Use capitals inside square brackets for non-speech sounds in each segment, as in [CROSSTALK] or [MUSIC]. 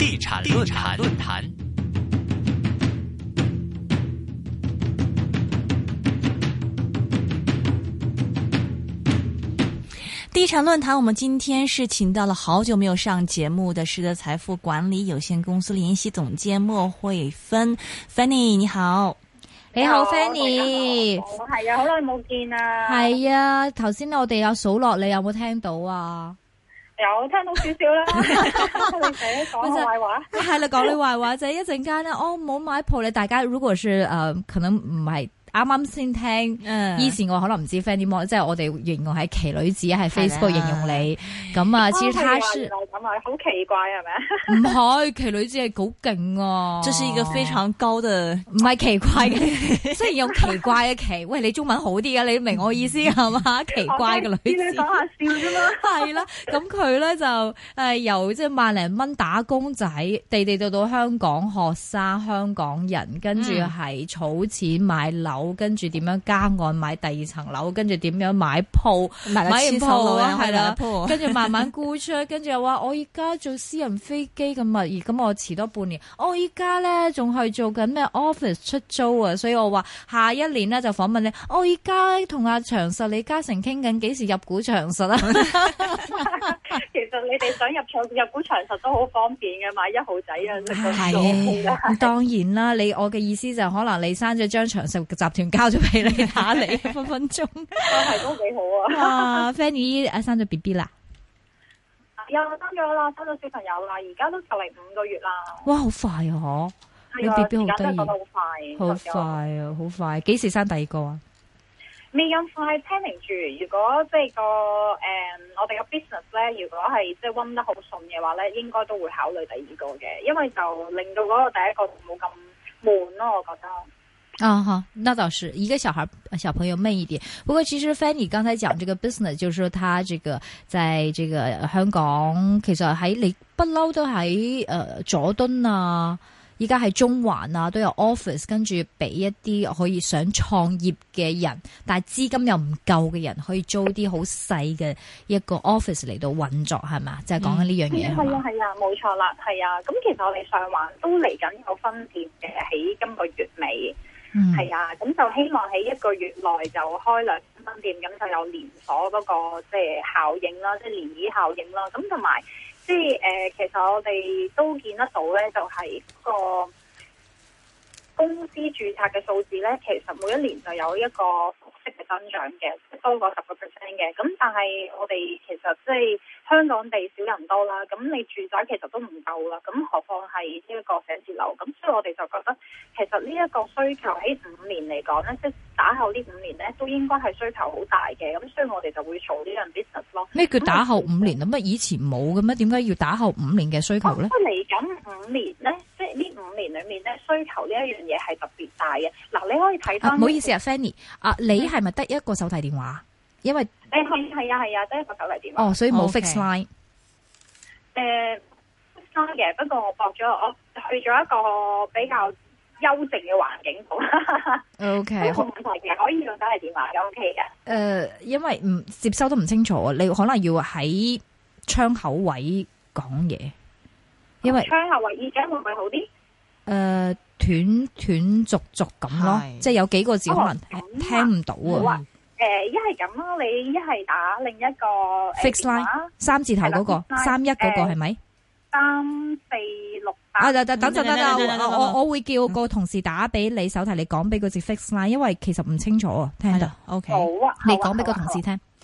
地產論壇，地產論壇，我們今天是請到了好久沒有上節目的實德財富管理有限公司聯席總監莫惠芬，Fanny，你好，你好，Fanny，我係啊，好耐冇見啊，係啊，頭先我哋有數落你，有冇聽到啊？有聽到少少啦，講啲壞話，係啦，講啲壞話就係一陣間咧，我冇買舖咧，大家如果是誒，可能唔係。啱啱先聽，以前我可能唔知 Fanny Mok 點講，即係我哋形容係奇女子，係 Facebook 形容你咁啊的、嗯。至於他係咁啊，好奇怪係咪？唔係奇女子係好勁啊！這是一個非常高的，唔係奇怪嘅，雖然用奇怪嘅奇。喂，你中文好啲啊，你明我意思係嘛？奇怪嘅女子你講下笑啫嘛，係 [LAUGHS] 啦。 [LAUGHS] [LAUGHS] 咁佢咧就誒由即係萬零蚊打工仔，地地道道香港學生、香港人，跟住係儲錢買樓。跟住點樣加按買第二層樓？跟住點樣買鋪？買完鋪啊，係啦，跟住慢慢沽出。 [LAUGHS] 跟住又話我依家做私人飛機咁啊！而咁我遲多半年，我依家咧仲係做緊咩 office 出租啊！所以我話下一年呢就訪問你。我依家同阿長實李嘉誠傾緊幾時入股長實啊？ [LAUGHS] [LAUGHS] 其實你哋想入場入股長實都好方便嘅，買一號仔啊，係當然啦。你我嘅意思就可能你刪咗張長實全交咗俾你打你分分鐘，都幾好啊！啊，Fanny [LAUGHS] 啊，anny, 生咗 B B 啦， [LAUGHS] 又生咗啦，生咗小朋友啦，而家都嚟五個月啦。哇，好快啊！嗬， [LAUGHS] 你 B B 好快，好快啊，好快！幾時生第二個啊？未咁快 planning,，聽明住。如果即係個誒，我哋嘅 business 咧，如果係即係温得好順嘅話咧，應該都會考慮第二個嘅，因為就令到嗰個第一個冇咁悶咯，我覺得。啊好，那倒，就是一個小孩小朋友悶一點。不過其實 Fanny 剛才講這個 business，就是說他這個在這個香港，其實喺你不嬲都喺誒、呃、佐敦啊，依家喺中環啊都有 office，跟住俾一啲可以想創業嘅人，但係資金又唔夠嘅人，可以租啲好細嘅一個 office 嚟到運作，係咪？嗯、就係講緊呢樣嘢。係啊係啊，冇錯啦，係啊。咁其實我哋上環都嚟緊有分店嘅，喺今個月尾。係啊，咁就、mm hmm. 希望喺一個月內就開兩間分店，咁就有連鎖嗰個即係效應啦、就是嗯，即係漣漪效應啦。咁同埋即係誒，其實我哋都見得到咧，就係、是、個公司註冊嘅數字咧，其實每一年就有一個複式嘅增長嘅，多過十個 percent 嘅。咁但係我哋其實即係。香港地少人多啦，咁你住宅其實都唔夠啦，咁何況係呢一個寫字樓，咁所以我哋就覺得其實呢一個需求喺五年嚟講咧，即係打後呢五年咧，都應該係需求好大嘅，咁所以我哋就會做呢樣 business 咯。咩叫打後五年啊？乜以前冇嘅咩？點解要打後五年嘅需求咧？因為嚟緊五年咧，即係呢五年裏面咧，需求呢一樣嘢係特別大嘅。嗱，你可以睇翻。唔好意思啊，Fanny，啊，嗯，你係咪得一個手提電話？因為誒，係係啊，係啊，都係個手提電話哦，所以冇 fix line。誒嘅，不過我搏咗，我去咗一個比較幽靜嘅環境度。O K，冇問題嘅，可以用手提電話嘅，O K 嘅。誒，因為唔接收都唔清楚，你可能要喺窗口位講嘢。因為窗口位耳仔會唔會好啲？誒，斷斷續續咁咯，的即係有幾個字可能聽唔到啊。嗯誒，一係咁啦，你一係打另一個，fix line 三字頭、嗰個，三一、嗯、個係咪、呃？三四六八。啊，就就等陣，等陣，我我會叫個同事打俾你手提，你講俾佢接 fix line，因為其實唔清楚啊，聽到的？OK，好啊，你講俾個同事聽。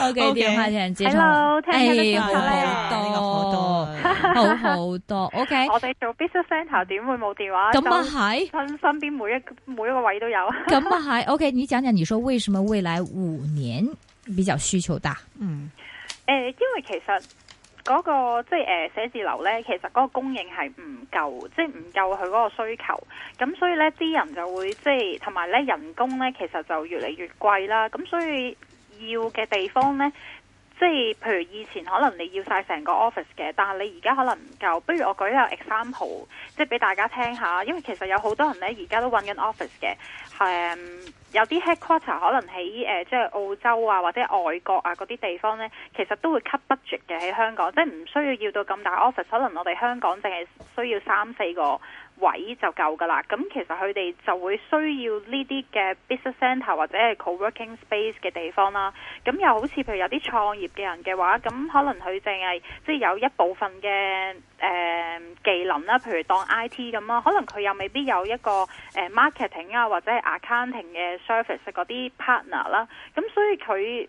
O K.、Okay, 電話，hello, hello，哎好多，好多，好多。O K. 我哋做 Business Center 點會冇電話？咁啊係身身邊每一每一個位都有咁啊係 O K. 你講講，你說為什麼未來五年比較需求大？嗯，誒，因為其實嗰個即係誒寫字樓咧，其實嗰個供應係唔夠，即係唔夠佢嗰個需求。咁所以咧，啲人就會即係同埋咧，人工咧，其實就越嚟越貴啦。咁所以。要嘅地方呢，即係譬如以前可能你要晒成個 office 嘅，但係你而家可能唔夠。不如我舉一個 example，即係俾大家聽下。因為其實有好多人呢而家都揾緊 office 嘅。誒、嗯，有啲 headquarter 可能喺誒、呃，即係澳洲啊，或者外國啊嗰啲地方呢，其實都會 cut budget 嘅。喺香港，即係唔需要要到咁大 office。可能我哋香港淨係需要三四個位就夠㗎啦，咁其實佢哋就會需要呢啲嘅 business center 或者係 co-working space 嘅地方啦。咁又好似譬如有啲創業嘅人嘅話，咁可能佢淨係即係有一部分嘅誒技能啦，譬如當 IT 咁啦，可能佢又未必有一個誒 marketing 啊或者係 accounting 嘅 service 嗰啲 partner 啦。咁所以佢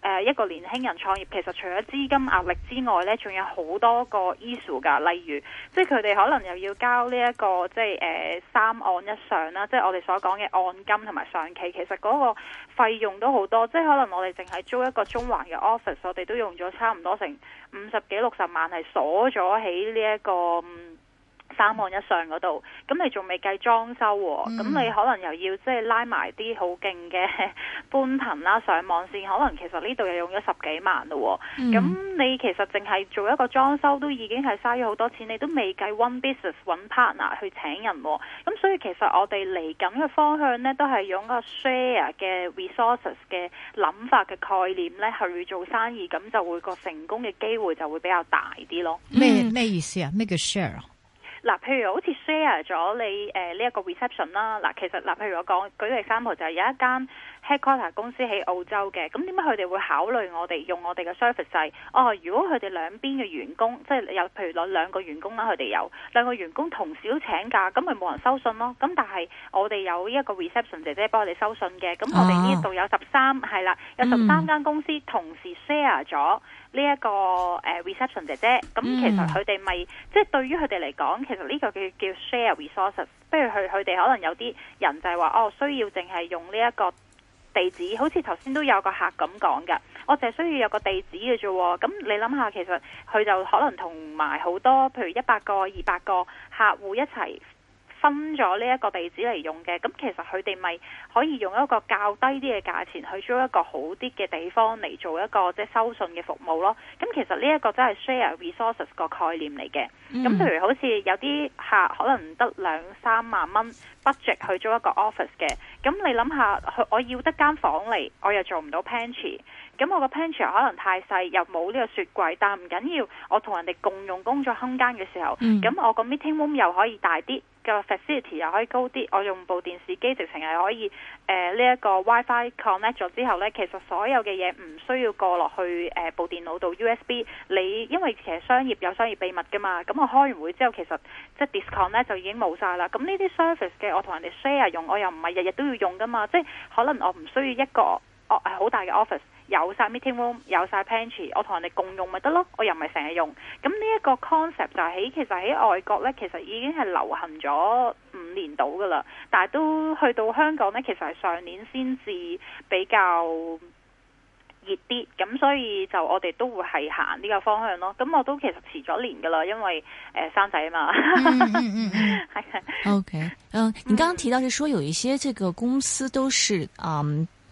誒、呃、一個年輕人創業，其實除咗資金壓力之外呢，仲有好多個 issue 㗎，例如即係佢哋可能又要交呢、這、一個即係誒、呃、三按一上啦，即係我哋所講嘅按金同埋上期，其實嗰個費用都好多，即係可能我哋淨係租一個中環嘅 office，我哋都用咗差唔多成五十幾六十萬，係鎖咗喺呢一個，嗯三萬一上嗰度，咁你仲未計裝修，哦、咁、嗯、你可能又要即係拉埋啲好勁嘅寬頻啦，上網線，可能其實呢度又用咗十幾萬咯，哦。咁、嗯、你其實淨係做一個裝修都已經係嘥咗好多錢，你都未計 one business 搵 partner 去請人，哦。咁所以其實我哋嚟緊嘅方向呢，都係用個 share 嘅 resources 嘅諗法嘅概念呢，去做生意，咁就會個成功嘅機會就會比較大啲咯。咩咩、嗯、意思啊？咩叫 share？嗱，譬如好似 share 咗你誒呢一個 reception 啦，嗱，其實嗱譬如我講舉例三個就係、是、有一間 headquarter 公司喺澳洲嘅，咁點解佢哋會考慮我哋用我哋嘅 service 哦、啊，如果佢哋兩邊嘅員工即係有譬如攞兩個員工啦，佢哋有兩個員工同時請假，咁咪冇人收信咯。咁但係我哋有呢一個 reception 姐姐幫我哋收信嘅，咁我哋呢度有十三係啦，有十三間公司同時 share 咗。Mm. 呢一個誒 reception 姐姐，咁其實佢哋咪即係對於佢哋嚟講，其實呢個叫叫 share resources。不如佢佢哋可能有啲人就係話哦，需要淨係用呢一個地址，好似頭先都有個客咁講嘅，我淨係需要有個地址嘅啫。咁你諗下，其實佢就可能同埋好多，譬如一百個、二百個客戶一齊。分咗呢一個地址嚟用嘅，咁其實佢哋咪可以用一個較低啲嘅價錢去租一個好啲嘅地方嚟做一個即係收信嘅服務咯。咁其實呢一個真係 share resources 個概念嚟嘅。咁，mm. 譬如好似有啲客可能得兩三萬蚊 budget 去租一個 office 嘅，咁你諗下，我要得間房嚟，我又做唔到 pantry，咁我個 pantry 可能太細，又冇呢個雪櫃，但唔緊要，我同人哋共用工作空間嘅時候，咁、mm. 我個 meeting room 又可以大啲。個 facility 又可以高啲，我用部電視機直情係可以誒，呢一個 WiFi connect 咗之後呢，其實所有嘅嘢唔需要過落去誒部，呃、電腦度 USB，你因為其實商業有商業秘密噶嘛，咁我開完會之後其實即係 disconnect 咧就已經冇晒啦。咁呢啲 surface 嘅我同人哋 share 用，我又唔係日日都要用噶嘛。即係可能我唔需要一個哦係好大嘅 office。有晒 meeting room，有晒 pantry，我同人哋共用咪得咯？我又唔係成日用，咁呢一個 concept 就喺其實喺外國呢，其實已經係流行咗五年到㗎喇。但係都去到香港呢，其實係上年先至比較熱啲。咁所以就我哋都會係行呢個方向咯。咁我都其實遲咗年㗎喇，因為誒、呃、生仔啊嘛。嗯嗯 OK，嗯，你剛剛提到係說有一些這個公司都是嗯。Um,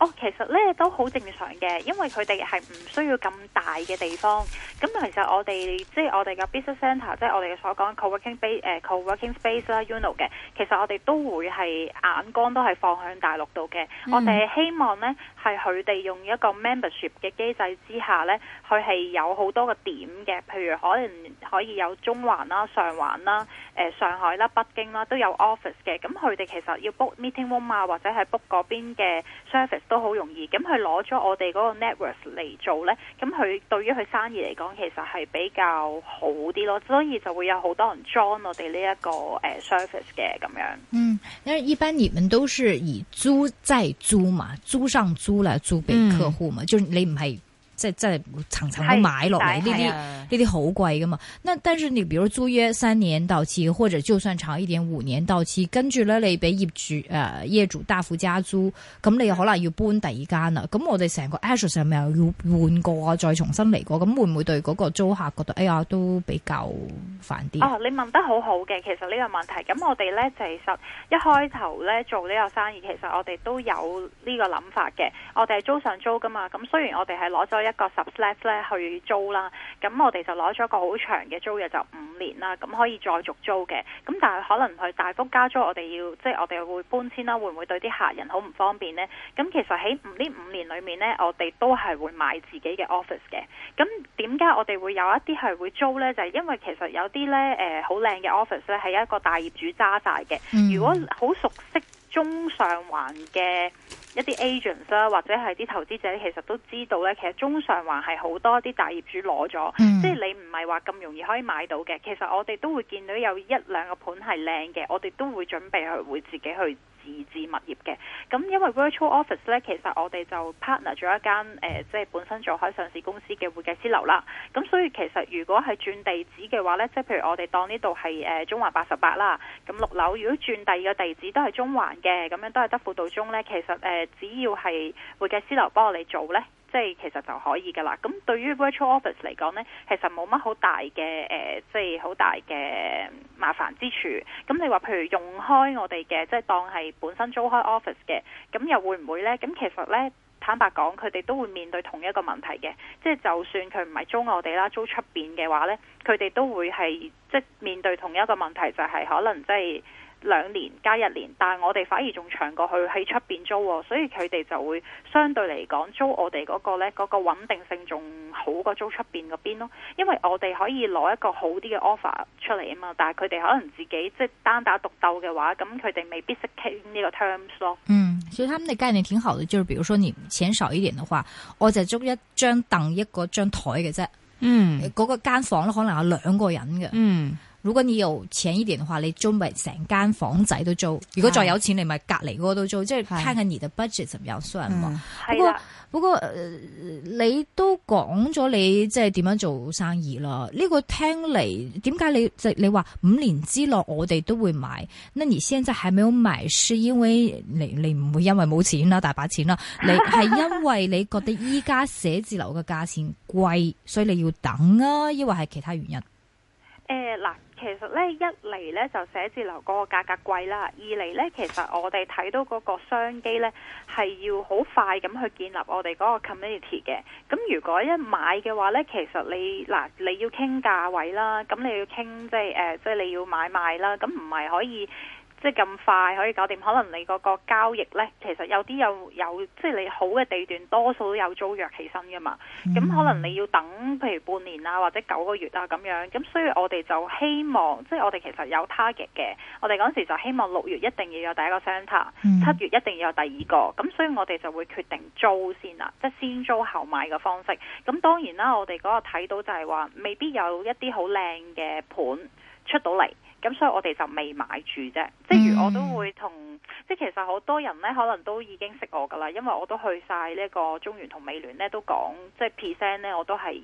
哦，其實咧都好正常嘅，因為佢哋係唔需要咁大嘅地方。咁其實我哋即係我哋嘅 business center 即係我哋嘅所講 co-working base、呃、co-working space 啦、uno 嘅，其實我哋都會係眼光都係放向大陸度嘅。嗯、我哋希望呢。係佢哋用一個 membership 嘅機制之下呢，佢係有好多個點嘅，譬如可能可以有中環啦、上環啦、誒、呃、上海啦、北京啦都有 office 嘅。咁佢哋其實要 book meeting room 啊，或者係 book 嗰邊嘅 service 都好容易。咁佢攞咗我哋嗰個 network 嚟做呢，咁佢對於佢生意嚟講，其實係比較好啲咯。所以就會有好多人 join 我哋呢一個誒 service 嘅咁樣。嗯但是一般你們都是以租再租嘛，租上租了租給客戶嘛，嗯、就是你唔係。即係即係層層都買落嚟，呢啲呢啲好貴噶嘛。嗱但係你比如租約三年到期，或者就算長一點五年到期，跟住咧你俾業主誒、呃、業主大幅加租，咁你可能要搬第二間啦。咁我哋成個 assets 係咪又要換過再重新嚟過？咁會唔會對嗰個租客覺得哎呀都比較煩啲？哦，你問得好好嘅，其實呢個問題，咁我哋咧其實一開頭咧做呢個生意，其實我哋都有呢個諗法嘅。我哋係租上租噶嘛，咁雖然我哋係攞咗一個十 slice 咧，去租啦，咁我哋就攞咗個好長嘅租約就五年啦，咁可以再續租嘅，咁但係可能佢大幅加租，我哋要即係我哋會搬遷啦，會唔會對啲客人好唔方便呢？咁其實喺呢五年裏面呢，我哋都係會買自己嘅 office 嘅，咁點解我哋會有一啲係會租呢？就係因為其實有啲呢誒，好靚嘅 office 咧係一個大業主揸晒嘅，如果好熟悉中上環嘅。一啲 agents 啦，或者係啲投資者，其實都知道咧，其實中上環係好多啲大業主攞咗，mm. 即係你唔係話咁容易可以買到嘅。其實我哋都會見到有一兩個盤係靚嘅，我哋都會準備去會自己去。自置物業嘅，咁因為 virtual office 呢，其實我哋就 partner 咗一間誒、呃，即係本身做開上市公司嘅會計師樓啦。咁所以其實如果係轉地址嘅話呢，即係譬如我哋當呢度係誒中環八十八啦，咁六樓如果轉第二個地址都係中環嘅，咁樣都係德輔道中呢。其實誒、呃、只要係會計師樓幫我哋做呢。即係其實就可以噶啦。咁對於 virtual office 嚟講呢，其實冇乜好大嘅誒，即係好大嘅麻煩之處。咁你話譬如用開我哋嘅，即係當係本身租開 office 嘅，咁又會唔會呢？咁其實呢，坦白講，佢哋都會面對同一個問題嘅。即係就算佢唔係租我哋啦，租出邊嘅話呢，佢哋都會係即係面對同一個問題，就係可能即係。兩年加一年，但係我哋反而仲長過去喺出邊租，所以佢哋就會相對嚟講租我哋嗰個呢，嗰、嗰個穩定性仲好過租出邊嗰邊咯。因為我哋可以攞一個好啲嘅 offer 出嚟啊嘛，但係佢哋可能自己即係單打獨鬥嘅話，咁佢哋未必識傾呢個 terms 咯。嗯，所以他們嘅概念挺好的，就是，比如說你錢少一點嘅話，我就租一張凳一個張台嘅啫。嗯，嗰個間房可能有兩個人嘅。嗯。如果你有錢一點嘅話，你租咪成間房仔都租。如果再有錢，你咪隔離嗰個都租。的即係睇下你嘅 budget 點樣算啊。嗯、不過，的不，過不過，你都講咗你即係點樣做生意啦。呢、這個聽嚟點解你即係、就是、你話五年之內我哋都會買？那你現在係咪未買？是因為你你唔會因為冇錢啦、啊，大把錢啦、啊。你係因為你覺得依家寫字樓嘅價錢貴， [LAUGHS] 所以你要等啊？抑或係其他原因？誒嗱、呃，其實咧一嚟咧就寫字樓嗰個價格貴啦，二嚟咧其實我哋睇到嗰個商機咧係要好快咁去建立我哋嗰個 community 嘅。咁如果一買嘅話咧，其實你嗱、呃、你要傾價位啦，咁你要傾即係誒即係你要買賣啦，咁唔係可以。即係咁快可以搞掂，可能你嗰個交易呢，其實有啲又有，有，即係你好嘅地段，多數都有租約起身噶嘛。咁、嗯、可能你要等，譬如半年啊，或者九個月啊咁樣。咁所以我哋就希望，即係我哋其實有 target 嘅。我哋嗰時就希望六月一定要有第一個 center、嗯、七月一定要有第二個。咁所以我哋就會決定租先啦，即係先租後買嘅方式。咁當然啦，我哋嗰個睇到就係話，未必有一啲好靚嘅盤出到嚟。咁、嗯、所以我哋就未買住啫，即如我都會同，即係其實好多人咧，可能都已經識我噶啦，因為我都去晒呢個中原同美聯咧，都講即係 present 咧，我都係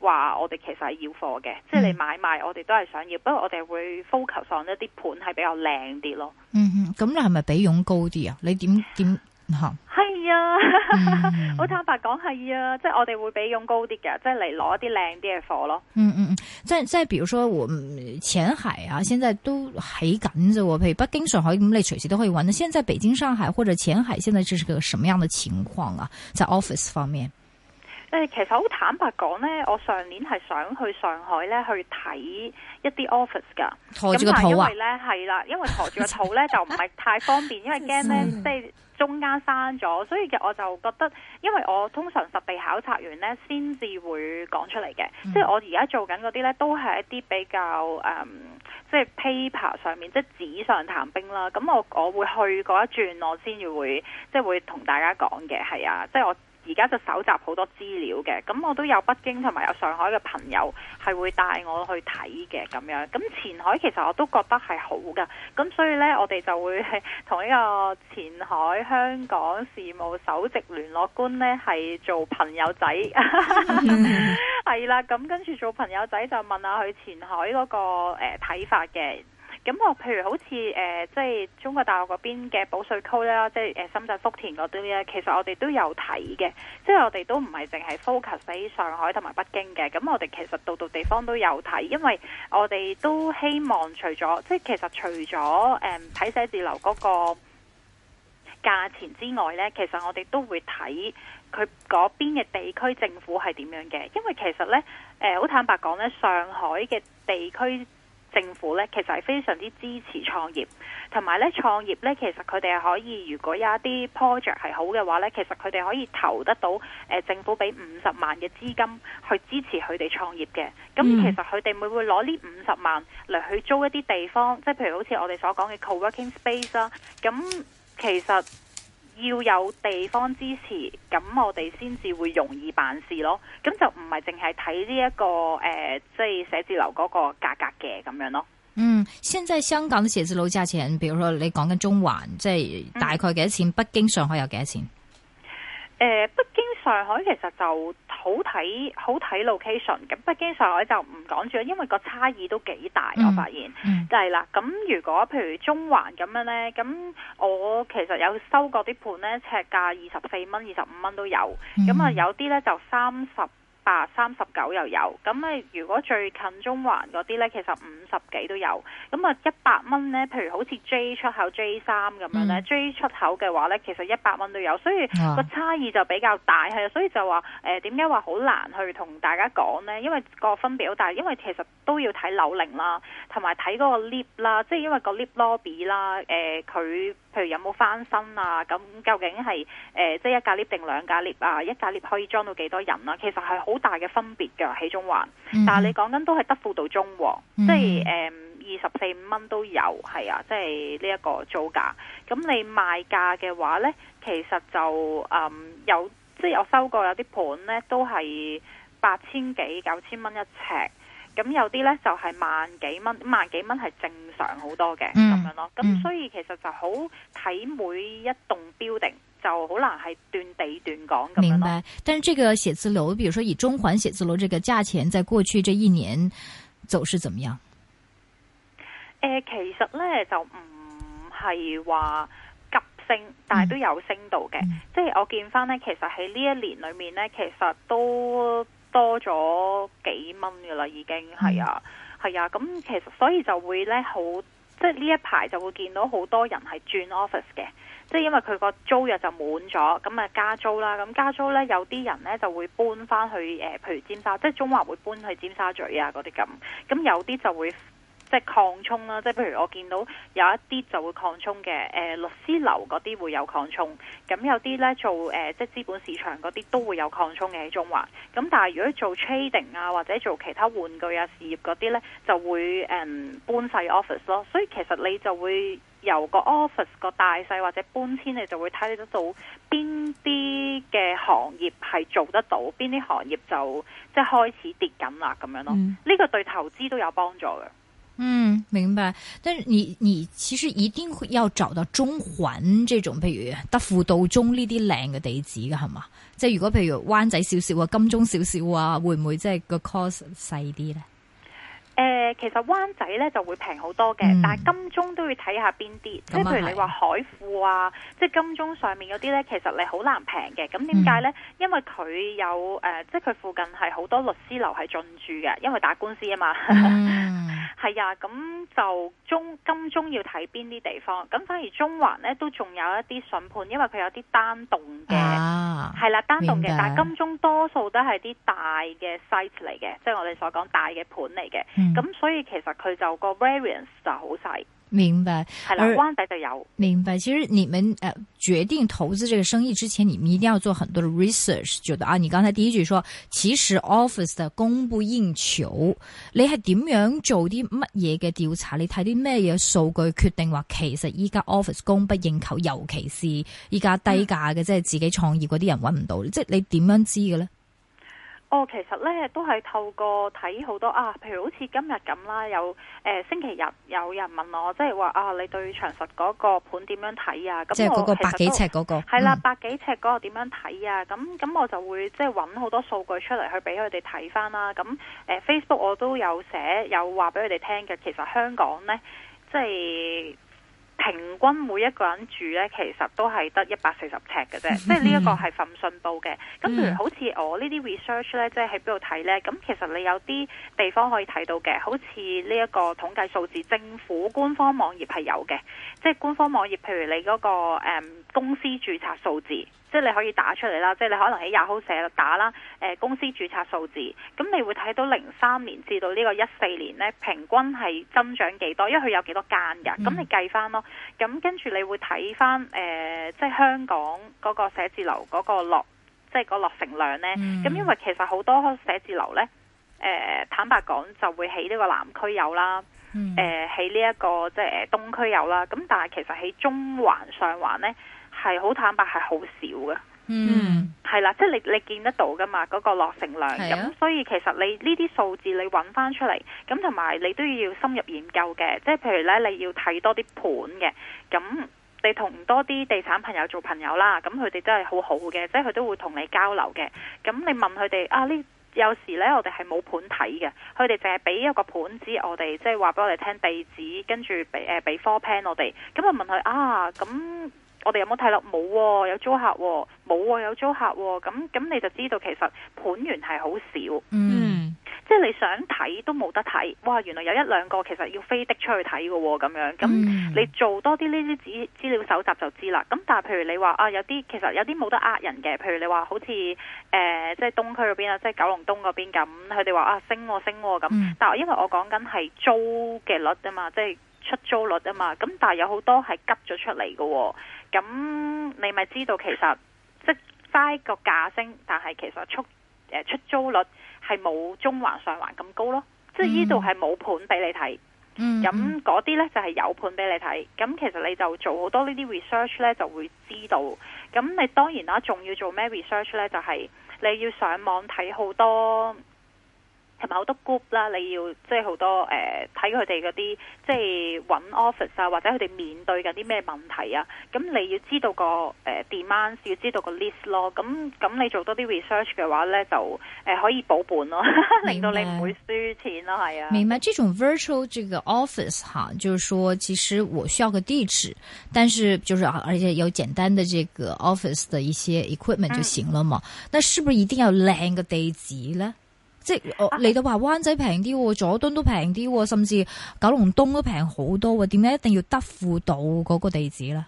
話我哋其實係要貨嘅，嗯、即係你買賣我哋都係想要，不過我哋會 focus 上一啲盤係比較靚啲咯。嗯哼，咁你係咪比傭高啲啊？你點點？好係啊，嗯、 [LAUGHS] 好坦白講係啊，即係我哋會俾佣高啲嘅，即係嚟攞啲靚啲嘅貨咯。嗯嗯嗯，即係即係，比如說我前海啊，現在都起緊，即係譬如北京上海你隨時都可以玩。那現在北京上海或者前海，現在這是個什麼樣嘅情況啊？在 office 方面？誒，其實好坦白講咧，我上年係想去上海咧去睇一啲 office 噶，馱住個肚啊。咁但係因為咧啦、啊，因為馱住個肚咧 [LAUGHS] 就唔係太方便，因為驚咧即係。 [LAUGHS] 中間刪咗，所以嘅我就覺得，因為我通常實地考察完咧，先至會講出嚟嘅。嗯、即係我而家做緊嗰啲呢，都係一啲比較誒、嗯，即係 paper 上面，即係紙上談兵啦。咁我我會去嗰一轉，我先至會即係會同大家講嘅，係啊，即係我。而家就搜集好多資料嘅，咁我都有北京同埋有上海嘅朋友係會帶我去睇嘅咁樣，咁前海其實我都覺得係好㗎，咁所以呢，我哋就會同呢個前海香港事務首席聯絡官呢係做朋友仔，係啦，咁跟住做朋友仔就問，問下佢前海嗰、那個呃呃、睇法嘅。咁我譬如好似誒、呃，即係中國大學嗰邊嘅保稅區啦，即係誒深圳福田嗰啲咧。其實我哋都有睇嘅，即係我哋都唔係淨係 focus 喺上海同埋北京嘅。咁我哋其實度度地方都有睇，因為我哋都希望除咗即係其實除咗誒睇寫字樓嗰個價錢之外咧，其實我哋都會睇佢嗰邊嘅地區政府係點樣嘅，因為其實咧誒好坦白講咧，上海嘅地區。政府呢，其實係非常之支持創業，同埋呢創業呢，其實佢哋係可以，如果有一啲 project 係好嘅話呢，其實佢哋可以投得到、呃、政府俾五十萬嘅資金去支持佢哋創業嘅。咁其實佢哋會唔會攞呢五十萬嚟去租一啲地方？即係譬如好似我哋所講嘅 coworking space 啦、啊。咁其實。要有地方支持，咁我哋先至會容易辦事咯。咁就唔係淨係睇呢一個，誒、呃，即係寫字樓嗰個價格嘅咁樣咯。嗯，現在香港的寫字樓價錢，比如說你講緊中環，即係大概幾多錢？嗯、北京、上海有幾多錢？北京上海其實就好睇好睇 location，咁北京上海就唔講住，因為個差異都幾大，嗯、我發現。就係啦、嗯，咁如果譬如中環咁樣呢，咁我其實有收過啲盤呢，尺價二十四蚊、二十五蚊都有，咁啊、嗯、有啲呢，就三十。百三十九又有咁啊！如果最近中環嗰啲呢，其實五十幾都有咁啊！一百蚊呢，譬如好似 J 出口 J 三咁樣呢、嗯、J 出口嘅話呢，其實一百蚊都有，所以個差異就比較大係啊，所以就話誒點解話好難去同大家講呢？因為個分別好大，因為其實都要睇樓齡啦，同埋睇嗰個 lift 啦，即係因為個 lift lobby 啦，誒、呃、佢。譬如有冇翻新啊？咁究竟係誒、呃，即係一架 lift 定兩架 lift 啊？一架 lift 可以裝到幾多人啊？其實係好大嘅分別嘅喺中環，嗯、但係你講緊都係德輔道中黃，嗯、即係誒二十四五蚊都有係啊，即係呢一個租價。咁你賣價嘅話咧，其實就誒、嗯、有即係我收過有啲盤咧，都係八千幾九千蚊一尺。咁有啲咧就係萬幾蚊，萬幾蚊係正常好多嘅咁、嗯、樣咯。咁所以其實就好睇每一棟 building、嗯、就好難係斷地段講咁樣咯。明白。但係這個寫字樓，比如說以中環寫字樓這個價錢，在過去這一年走勢怎麼樣？誒、呃，其實咧就唔係話急升，但係都有升到嘅。嗯嗯、即係我見翻咧，其實喺呢一年裏面咧，其實都。多咗幾蚊嘅啦，已經係啊係啊，咁、啊、其實所以就會咧好，即係呢一排就會見到好多人係轉 office 嘅，即係因為佢個租約就滿咗，咁啊加租啦，咁加租咧有啲人咧就會搬翻去誒，譬如尖沙，即係中環會搬去尖沙咀啊嗰啲咁，咁有啲就會。即係擴充啦，即係譬如我見到有一啲就會擴充嘅，誒、呃，律師樓嗰啲會有擴充，咁有啲咧做誒、呃，即係資本市場嗰啲都會有擴充嘅喺中環。咁但係如果做 trading 啊，或者做其他玩具啊事業嗰啲咧，就會誒、呃、搬晒 office 咯。所以其實你就會由個 office 個大細或者搬遷，你就會睇得到邊啲嘅行業係做得到，邊啲行業就即係開始跌緊啦咁樣咯。呢、嗯、個對投資都有幫助嘅。嗯，明白。但係你你其實一定要找到中環這種，譬如德輔道中呢啲靚嘅地址噶係嘛？即係如果譬如灣仔少少啊、金鐘少少啊，會唔會即係個 cost 細啲咧？誒、呃，其實灣仔咧就會平好多嘅，嗯、但係金鐘都要睇下邊啲，即係譬如你話海富啊，嗯、即係金鐘上面嗰啲咧，其實你好難平嘅。咁點解咧？嗯、因為佢有誒、呃，即係佢附近係好多律師樓係進駐嘅，因為打官司啊嘛。嗯，係 [LAUGHS] 啊。咁就中金鐘要睇邊啲地方，咁反而中環咧都仲有一啲筍盤，因為佢有啲單棟嘅，係、啊、啦單棟嘅。個但係金鐘多數都係啲大嘅 site 嚟嘅，即係我哋所講大嘅盤嚟嘅。咁所以其實佢就個 variance 就好細，明白係啦，灣底就有明白。而其實你們誒、呃、決定投資這個生意之前，你們一定要做很多的 research。覺得啊，你剛才第一句說其實 office 就供不應求，你係點樣做啲乜嘢嘅調查？你睇啲咩嘢數據決定話其實依家 office 供不應求，尤其是依家低價嘅，嗯、即係自己創業嗰啲人揾唔到，即係你點樣知嘅咧？哦，其實咧都係透過睇好多啊，譬如好似今日咁啦，有誒、呃、星期日有人問我，即係話啊，你對長實嗰個盤點樣睇啊？我其實即係嗰個百幾尺嗰個。係、嗯、啦、啊，百幾尺嗰個點樣睇啊？咁咁我就會即係揾好多數據出嚟去俾佢哋睇翻啦。咁誒 Facebook 我都有寫有話俾佢哋聽嘅，其實香港咧即係。平均每一個人住呢，其實都係得一百四十尺嘅啫， [LAUGHS] 即係呢一個係份信報嘅。咁譬如好似我呢啲 research 呢，即係喺邊度睇呢？咁其實你有啲地方可以睇到嘅，好似呢一個統計數字，政府官方網頁係有嘅，即係官方網頁，譬如你嗰、嗰個、嗯、公司註冊數字。即係你可以打出嚟啦，即係你可能喺廿號社度打啦，誒、呃、公司註冊數字，咁你會睇到零三年至到呢個一四年呢，平均係增長幾多？因為佢有幾多間嘅，咁、嗯、你計翻咯。咁跟住你會睇翻誒，即係香港嗰個寫字樓嗰個落，即係嗰落成量呢。咁、嗯、因為其實好多寫字樓呢，誒、呃、坦白講就會喺呢個南區有啦，誒喺呢一個即係誒東區有啦。咁但係其實喺中環、上環呢。係好坦白，係好少嘅。嗯，係啦，即係你你見得到噶嘛？嗰、那個落成量咁的，所以其實你呢啲數字你揾翻出嚟，咁同埋你都要深入研究嘅。即係譬如呢，你要睇多啲盤嘅，咁你同多啲地產朋友做朋友啦。咁佢哋都係好好嘅，即係佢都會同你交流嘅。咁你問佢哋啊，呢有時呢，我哋係冇盤睇嘅，佢哋淨係俾一個盤紙，我哋即係話俾我哋聽地址，跟住俾誒俾 floor plan 我哋。咁我問佢啊，咁、啊。嗯我哋有冇睇落？冇、哦，有租客、哦，冇、哦，有租客、哦。咁咁你就知道，其實盤源係好少。嗯，嗯，即係你想睇都冇得睇。哇！原來有一兩個其實要飛的出去睇嘅喎，咁樣。咁、嗯、你做多啲呢啲資資料搜集就知啦。咁但係譬如你話啊，有啲其實有啲冇得呃人嘅。譬如你話好似誒、呃，即係東區嗰邊啊，即係九龍東嗰邊咁，佢哋話啊升升咁。嗯、但係因為我講緊係租嘅率啊嘛，即係。.出租率啊嘛，咁但係有好多係急咗出嚟嘅，咁你咪知道其實即係齋個價升，但係其實出誒出租率係冇中環上環咁高咯，即係呢度係冇盤俾你睇，咁嗰啲呢就係有盤俾你睇，咁其實你就做好多呢啲 research 呢就會知道，咁你當然啦，仲要做咩 research 呢？就係你要上網睇好多。係咪好多 group 啦？你要即係好多誒，睇佢哋嗰啲即係搵 office 啊，或者佢哋面對緊啲咩問題啊？咁你要知道、個誒 demands，呃、要知道個 list 咯。咁咁你做多啲 research 嘅話咧，就誒、呃、可以保本咯，白 [LAUGHS] 令到你唔會輸錢咯，係白啊。明白。這種 virtual 這個 office 哈，就是說其實我需要個地址，但是就是而且有簡單的這個 office 的一些 equipment 就行了嘛？嗯、那是不是一定要靚個地址咧？即係我嚟到話，灣仔平啲，佐敦都平啲，甚至九龍東都平好多。點解一定要德輔道嗰個地址呢？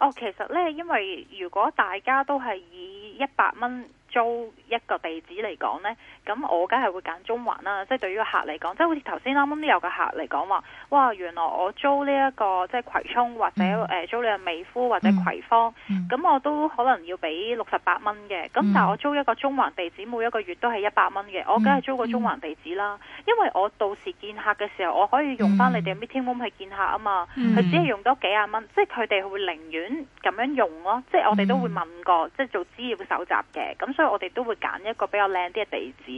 哦，其實呢，因為如果大家都係以一百蚊租一個地址嚟講呢。咁我梗係會揀中環啦，即、就、係、是、對於客嚟講，即、就、係、是、好似頭先啱啱都有個客嚟講話，哇，原來我租呢、這、一個即係、就是、葵涌或者誒、呃、租你個美孚或者葵芳，咁、嗯、我都可能要俾六十八蚊嘅，咁、嗯、但係我租一個中環地址，每一個月都係一百蚊嘅，我梗係租個中環地址啦，因為我到時見客嘅時候，我可以用翻你哋嘅 Meeting Room 去見客啊嘛，佢、嗯、只係用多幾廿蚊，嗯、即係佢哋會寧願咁樣用咯，嗯、即係我哋都會問過，即係做資料搜集嘅，咁所以我哋都會揀一個比較靚啲嘅地址。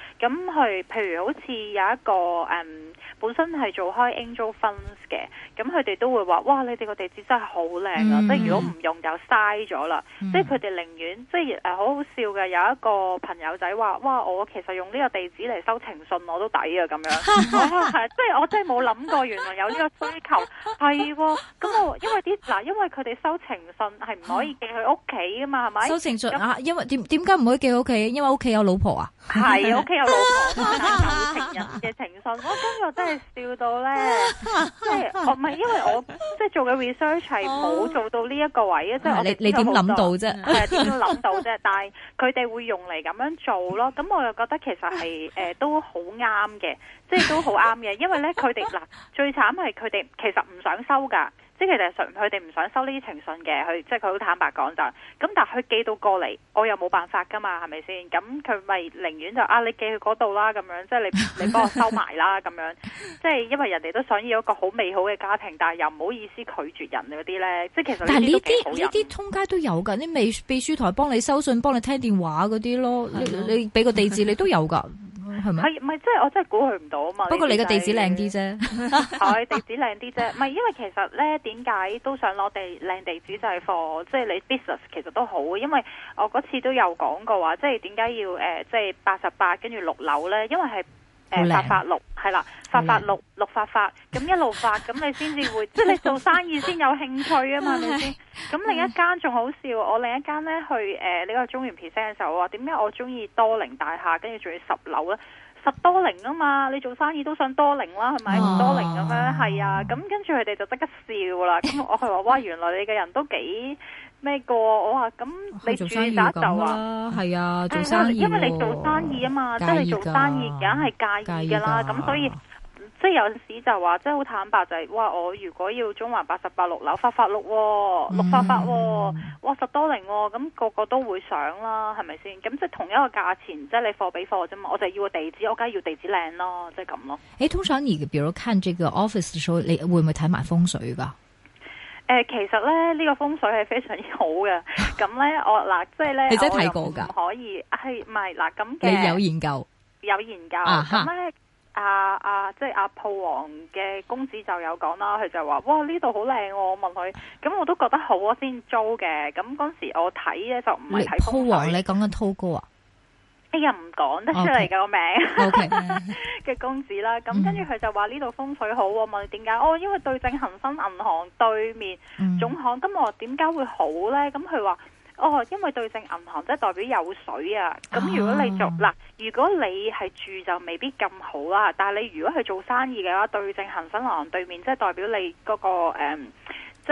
咁佢譬如好似有一個誒、嗯，本身係做開 Angel Funds 嘅，咁佢哋都會話：「哇，你哋個地址真係好靚啊！嗯、即係如果唔用就嘥咗啦。嗯、即係佢哋寧願，即係誒好好笑嘅，有一個朋友仔話，哇，我其實用呢個地址嚟收情信我都抵啊！咁樣，係 [LAUGHS] 即係我真係冇諗過，原來有呢個追求係喎。咁我因為啲嗱，因為佢哋收情信係唔可以寄去屋企噶嘛，係咪？收情信啊，因為點點解唔可以寄屋企？因為屋企有老婆啊，係屋企有。做房產有情人嘅情信，我今日真係笑到咧，即係我唔係，因為我即係做嘅 research 係冇做到呢一個位啊，即係是我你你點諗到啫？係點都諗到啫？ [LAUGHS] 但係佢哋會用嚟咁樣做咯，咁我又覺得其實係誒、呃、都好啱嘅，即係都好啱嘅，因為咧佢哋嗱最慘係佢哋其實唔想收噶。即係其實，佢哋唔想收呢啲情信嘅，佢即係佢好坦白講就咁。但係佢寄到過嚟，我又冇辦法㗎嘛，係咪先咁佢咪寧願就，寧願就啊，你寄去嗰度啦，咁樣即係你你幫我收埋啦，咁 [LAUGHS] 樣即係因為人哋都想要一個好美好嘅家庭，但係又唔好意思拒絕人嗰啲咧。即係其實。但係呢啲呢啲通街都有㗎，啲未秘書台幫你收信，幫你聽電話嗰啲咯。 [LAUGHS] 你你俾個地址，你都有㗎。係咪？係，唔係，即係我真係估佢唔到啊嘛！不過你個地址靚啲啫，係地址靚啲啫，唔 [LAUGHS] 係 [LAUGHS] 因為其實咧，點解都想攞地靚地址就係貨？即係你 business 其實都好，因為我嗰次都有講過話，即係點解要誒，即係八十八跟住六樓咧，因為係。誒、呃，發發綠係啦，發發綠綠發發，咁一路發，咁你先至會， [LAUGHS] 即係你做生意先有興趣啊嘛，係咪先？咁另一間仲好笑，我另一間咧去誒呢、呃這個中原 present 嘅時候，我話點解我中意多零大廈，跟住仲要十樓咧，十多零啊嘛，你做生意都想多零啦，係咪？唔 [LAUGHS] 多零咁樣，係啊，咁跟住佢哋就得一笑啦。咁我係話，哇，原來你嘅人都幾～咩個？我話咁，你住打豆啊？係啊，做生意啊嘛。介意噶。因為你做生意啊嘛，即係你做生意，梗係介意。介意噶。咁所以，即係有陣時就話，即係好坦白就係，哇！我如果要中環八十八六樓，發發六喎，六發八,八喎，嗯、哇！十多零喎，咁個個都會想啦，係咪先？咁即係同一個價錢，即係你貨比貨啫嘛。我就要個地址，我梗係要地址靚咯，即係咁咯。誒，通常你，比如看這個 office 嘅時候，你會唔會睇埋風水噶？誒，其實咧呢個風水係非常之好嘅，咁咧 [LAUGHS] [LAUGHS] 我嗱，即係咧，你真係睇過噶？唔可以係唔係嗱？咁嘅 [LAUGHS] 你有研究，啊、 [LAUGHS] 有研究咁咧？阿阿即係阿鋪王嘅公子就有講啦，佢就話哇，呢度好靚喎，我問佢，咁我都覺得好啊，先租嘅。咁嗰時我睇咧就唔係睇鋪王，你講緊鋪哥啊？哎呀，唔講得出嚟個名嘅公子啦，咁跟住佢就話呢度風水好，我問你點解？哦，因為對正恒生銀行對面總行，咁我點解會好呢？咁佢話哦，因為對正銀行即係代表有水啊，咁如果你做嗱、啊，如果你係住就未必咁好啦，但係你如果係做生意嘅話，對正恒生銀行對面即係、就是、代表你嗰、嗰個誒。嗯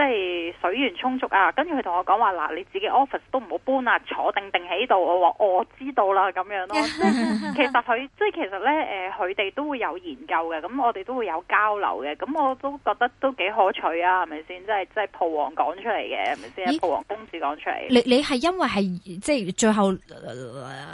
即係水源充足啊！跟住佢同我講話嗱，你自己 office 都唔好搬啊，坐定定喺度。我話我、哦、知道啦，咁樣咯。 [LAUGHS] 即係其實佢即係其實咧，誒、呃，佢哋都會有研究嘅，咁我哋都會有交流嘅。咁我都覺得都幾可取啊，係咪先？即係即係蒲王講出嚟嘅，係咪先？你蒲王公子講出嚟。你你係因為係即係最後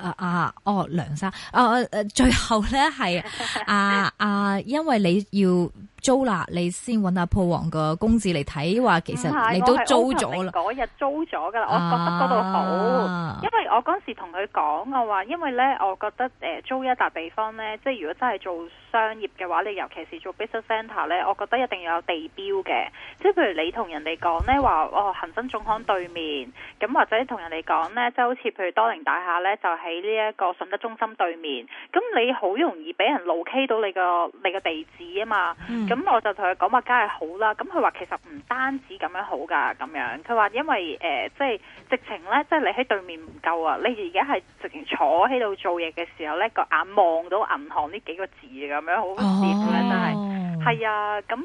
啊啊哦，梁生啊啊最後咧係啊啊因為你要。 [LAUGHS] 租啦，你先揾下鋪王個公子嚟睇，話其實你都租咗啦。嗰日租咗噶啦，我覺得嗰度好、啊因。因為我嗰時同佢講，我話因為呢，我覺得誒租一笪地方呢，即係如果真係做商業嘅話，你尤其是做 business centre 咧，我覺得一定要有地標嘅。即係譬如你同人哋講呢話，哦，恒生總行對面，咁或者同人哋講呢，即係好似譬如多寧大廈呢，就喺呢一個信德中心對面，咁你好容易俾人路 K 到你個你個地址啊嘛。嗯咁我就同佢講話，梗係好啦。咁佢話其實唔單止咁樣好噶，咁樣佢話因為誒、呃，即係直情咧，即係你喺對面唔夠啊！你而家係直情坐喺度做嘢嘅時候咧，個眼望到銀行呢幾個字咁樣好掂、哦、啊。真係係啊，咁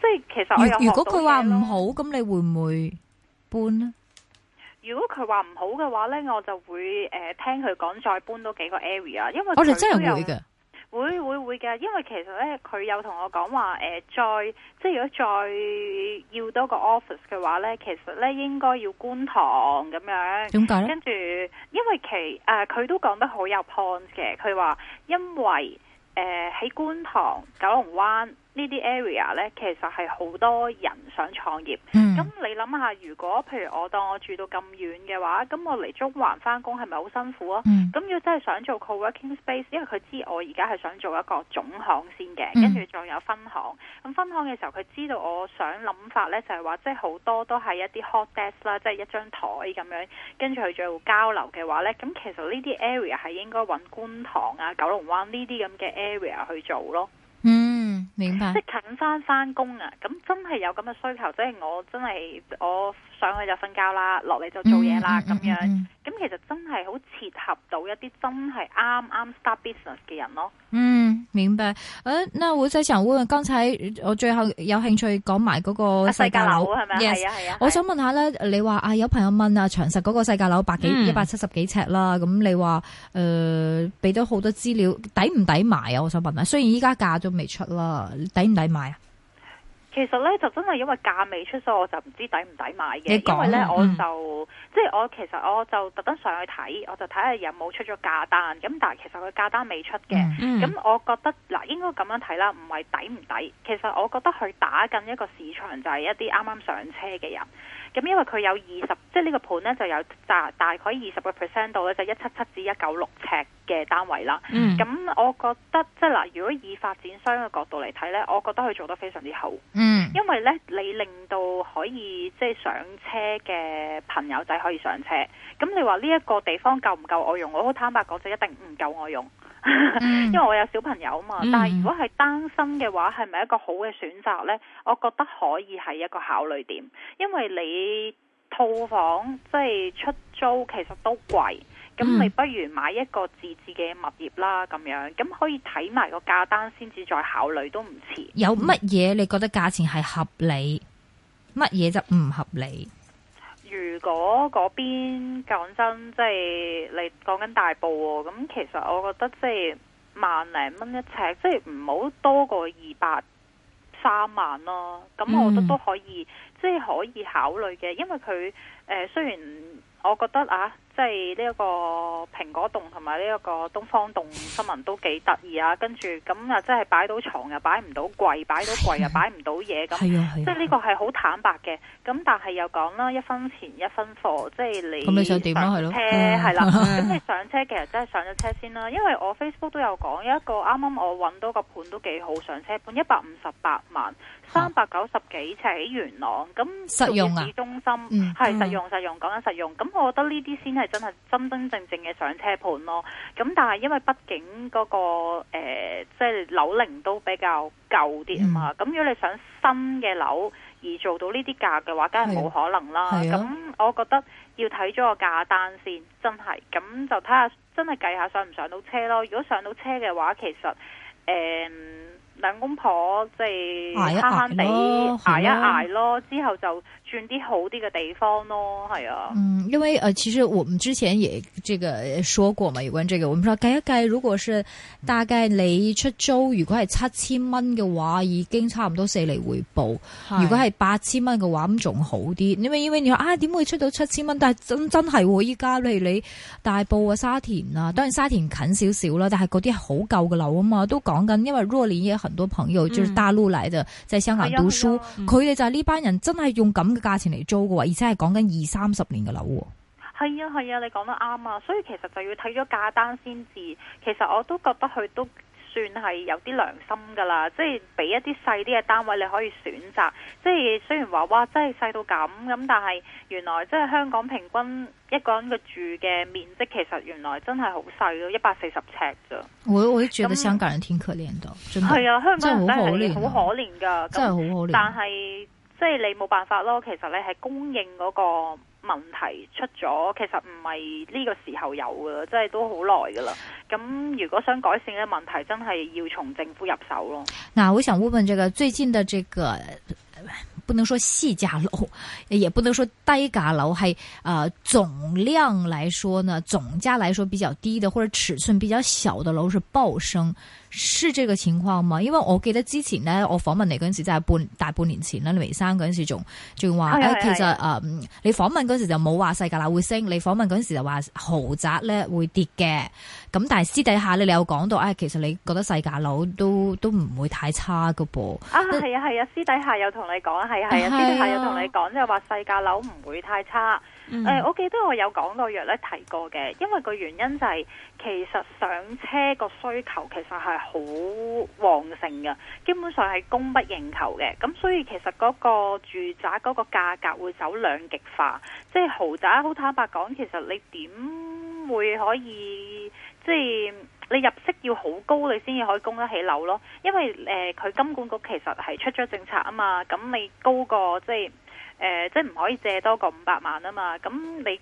即係其實我如果佢話唔好，咁你會唔會搬咧？如果佢話唔好嘅話咧，我就會誒、呃、聽佢講，再搬多幾個 area。因為我哋真係會嘅。會會會㗎，因為其實咧，佢有同我講話誒，再即係如果再要多個 office 嘅話咧，其實咧，應該要觀塘咁樣。點解咧？跟住因為其誒佢、呃、都講得好有 point 嘅，佢話因為誒喺、呃、觀塘、九龍灣。呢啲 area 咧，其實係好多人想創業。咁、嗯、你諗下，如果譬如我當我住到咁遠嘅話，咁我嚟中環返工係咪好辛苦啊？咁要、嗯、真係想做 co-working space，因為佢知我而家係想做一個總行先嘅，跟住仲有分行。咁、嗯、分行嘅時候，佢知道我想諗法咧，就係話即係好多都係一啲 hot desk 啦，即係一張台咁樣，跟住去做交流嘅話咧，咁其實呢啲 area 係應該揾觀塘啊、九龍灣呢啲咁嘅 area 去做咯。即係近翻翻工啊！咁真係有咁嘅需求，即係我真係我。上去就瞓覺啦，落嚟就做嘢啦，咁、嗯嗯嗯、樣，咁、嗯、其實真係好切合到一啲真係啱啱 start business 嘅人咯。嗯，明白。誒、uh, no,，那胡仔常務，剛才我最後有興趣講埋嗰個世界樓係咪啊？係 Yes, 啊係啊。我想問下咧，你話啊有朋友問啊，長實嗰個世界樓百幾一百七十幾尺啦，咁你話誒俾咗好多資料，抵唔抵買啊？我想問啊，雖然依家價都未出啦，抵唔抵買啊？划其實咧就真係因為價未出，所以我就唔知抵唔抵買嘅。說因為咧我就、嗯、即係我其實我就特登上去睇，我就睇下有冇出咗價單。咁但係其實佢價單未出嘅。咁、嗯、我覺得嗱，應該咁樣睇啦，唔係抵唔抵。其實我覺得佢打緊一個市場就係一啲啱啱上車嘅人。咁因為佢有二十，即係呢個盤咧就有大大概二十個 percent 度咧，就一七七至一九六尺嘅單位啦。咁、嗯、我覺得即係嗱，如果以發展商嘅角度嚟睇咧，我覺得佢做得非常之好。嗯，因為咧，你令到可以即係上車嘅朋友仔可以上車。咁你話呢一個地方夠唔夠我用？我好坦白講，就一定唔夠我用， [LAUGHS] 因為我有小朋友嘛。但係如果係單身嘅話，係咪一個好嘅選擇呢？我覺得可以係一個考慮點，因為你套房即係出租，其實都貴。咁你不如買一個自置嘅物業啦，咁樣咁可以睇埋個價單先至再考慮都唔遲。有乜嘢你覺得價錢係合理？乜嘢就唔合理？如果嗰邊講真，即係你講緊大埔喎，咁其實我覺得即係萬零蚊一尺，即係唔好多過二百三萬咯。咁我覺得都可以，即係可以考慮嘅，因為佢誒雖然我覺得啊。即係呢一個蘋果洞同埋呢一個東方洞新聞都幾得意啊！跟住咁啊，啊即係擺到床，又擺唔到櫃，擺到櫃又擺唔到嘢，咁即係呢個係好坦白嘅。咁但係又講啦，一分錢一分貨，即係你咁你想點啦？係咯，誒係啦。咁你上車，你上車、啊啊、你上車其實真係上咗車先啦，因為我 Facebook 都有講有一個啱啱我揾到個盤都幾好，上車盤一百五十八萬三百九十幾尺喺元朗，咁實用市中心，係、嗯、實用實用講緊實用。咁我覺得呢啲先係。真係真真正正嘅上車盤咯，咁但係因為畢竟嗰、個、呃、即係樓齡都比較舊啲啊嘛，咁、嗯、如果你想新嘅樓而做到呢啲價嘅話，梗係冇可能啦。咁、啊嗯、我覺得要睇咗個價單先，真係咁就睇下真係計下上唔上到車咯。如果上到車嘅話，其實誒、呃、兩公婆即係慳慳地捱一捱咯，啊、之後就，轉啲好啲嘅地方咯，係啊，嗯，因為誒、呃，其實我們之前也這個也說過嘛，有關這個，我們說，計一計如果是大概你出租，如果係七千蚊嘅話，已經差唔多四厘回報；是如果係八千蚊嘅話，咁仲好啲。因為因為你話啊，點會出到七千蚊？但係真真係，依家你如你大埔啊、沙田啊，當然沙田近少少啦，但係嗰啲好舊嘅樓啊嘛，都講緊。因為若鄰有很多朋友，嗯、就是大陸來嘅，在香港讀書，佢哋、嗯哎哎嗯、就呢班人真係用咁價錢嚟租嘅話，而且係講緊二三十年嘅樓。係啊係啊，你講得啱啊！所以其實就要睇咗價單先至。其實我都覺得佢都算係有啲良心噶啦，即係俾一啲細啲嘅單位你可以選擇。即係雖然話哇，真係細到咁咁，但係原來即係香港平均一個人嘅住嘅面積其實原來真係好細咯，一百四十尺咋。我我都覺得香港人挺可憐噶，係那啊，香港人都係好可憐噶，真係好可憐，啊。那但係。即係你冇辦法咯，其實你係供應嗰個問題出咗，其實唔係呢個時候有嘅，即係都好耐噶啦。咁如果想改善嘅問題，真係要從政府入手咯。嗱，啊，我想問問這個最近的這個。不能說細價樓，也不能說低價樓，係啊總量嚟說呢，總價嚟說比較低的或者尺寸比較小的樓是爆升，是這個情況嘛，因為我記得之前呢，我訪問你嗰陣時就係半大半年前啦，你未生嗰陣時仲仲話誒其實誒你訪問嗰陣時就冇話細價樓會升，你訪問嗰陣時就話豪宅咧會跌嘅，咁但係私底下咧你有講到，哎，其實你覺得細價樓都都唔會太差噶噃。啊係啊係啊，私底下有同你講係。係啊，之前係有同你講，即係話細價樓唔會太差。誒、嗯欸，我記得我有講到約咧提過嘅，因為個原因就係、是、其實上車個需求其實係好旺盛嘅，基本上係供不應求嘅。咁所以其實嗰個住宅嗰個價格會走兩極化，即係豪宅。好坦白講，其實你點會可以即係？你入息要好高，你先至可以供得起樓咯。因為誒，佢、呃、金管局其實係出咗政策啊嘛，咁你高過即係誒，即係唔、呃、可以借多過五百萬啊嘛，咁你。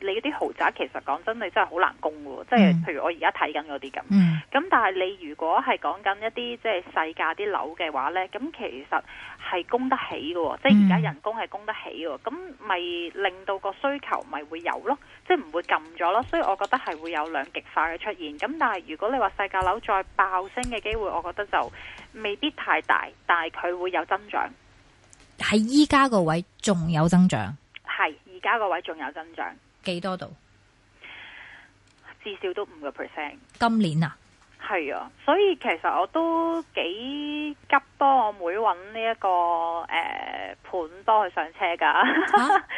你嗰啲豪宅其實講真，你真係好難供嘅，即係、嗯、譬如我而家睇緊嗰啲咁。咁、嗯、但係你如果係講緊一啲即係細價啲樓嘅話呢，咁其實係供得起嘅，即係而家人工係供得起嘅，咁咪、嗯、令到個需求咪會有咯，即係唔會撳咗咯。所以我覺得係會有兩極化嘅出現。咁但係如果你話細價樓再爆升嘅機會，我覺得就未必太大，但係佢會有增長。喺依家個位仲有增長？係，而家個位仲有增長。幾多度？至少都五個 percent。今年啊？係啊，所以其實我都幾急幫我妹揾呢一個誒盤，幫、呃、佢上車噶、 [LAUGHS] 啊。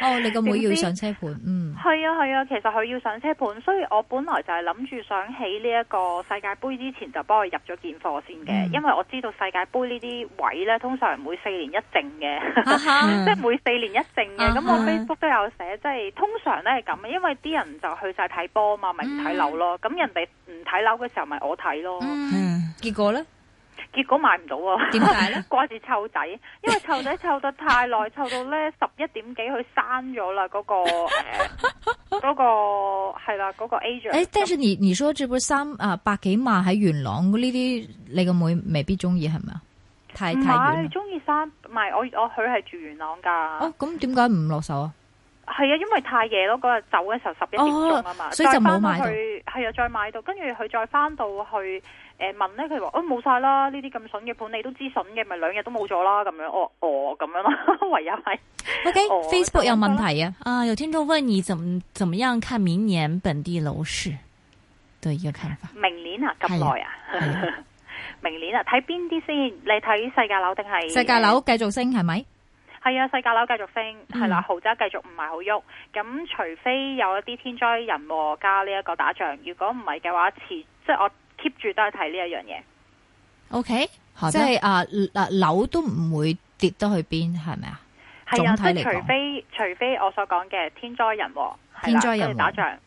哦，你個妹，妹要上車盤，嗯。係啊係啊，其實佢要上車盤，所以我本來就係諗住想起呢一個世界杯之前就幫佢入咗件貨先嘅，嗯、因為我知道世界杯呢啲位咧通常每四年一正嘅，啊、哈 [LAUGHS] 即係每四年一正嘅，咁、啊、哈我 Facebook 都有寫，即係通常咧係咁，因為啲人就去晒睇波啊嘛，咪唔睇樓咯，咁、嗯、人哋唔睇樓嘅時候咪我睇。咯，嗯，結果咧，結果買唔到，啊。點解咧？掛住湊仔，因為湊仔湊得太耐，湊到咧十一點幾佢刪咗啦，嗰個誒，嗰個係啦，嗰個 agent。誒，但是你你說，這部三啊百幾萬喺元朗呢啲，你個妹，妹未必中意係咪啊？太太遠，中意三，唔係我我佢係住元朗噶。哦，咁點解唔落手啊？係啊，因為太夜咯，嗰日走嘅時候十一點鐘啊嘛，所以、oh, so 就冇買到。去係啊，再買到，跟住佢再翻到去誒問咧，佢話、哎：，哦，冇晒啦，呢啲咁笋嘅盤你都知笋嘅，咪兩日都冇咗啦，咁樣。Okay，哦，我咁樣咯，唯有係。O K，Facebook 有問題啊。啊，有聽到問你，而怎怎麼樣看明年本地樓市的一個看法？明年啊，咁耐啊， [LAUGHS] 明年啊，睇邊啲先？你睇細價樓定係細價樓繼續升係咪？係啊，細價樓繼續升，係啦，豪宅繼續唔係好喐。咁、嗯、除非有一啲天災人禍加呢一個打仗，如果唔係嘅話，遲即持 Okay? 即係我 keep 住都係睇呢一樣嘢。O K，即係啊啊，樓都唔會跌得去邊，係咪啊？係啊的，即除非除非我所講嘅天災人禍，天災人禍的打仗，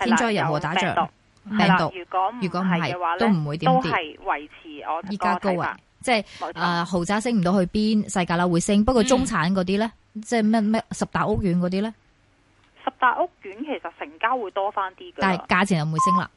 天災人禍打仗，病毒，如果如果唔係嘅話，都唔會點跌，都係維持我依家高位。即係誒錯、呃，豪宅升唔到去邊，世界啦會升，不過中產嗰啲咧，嗯、即係咩咩十大屋苑嗰啲咧，十大屋苑其實成交會多翻啲噶，但係價錢又唔會升啦。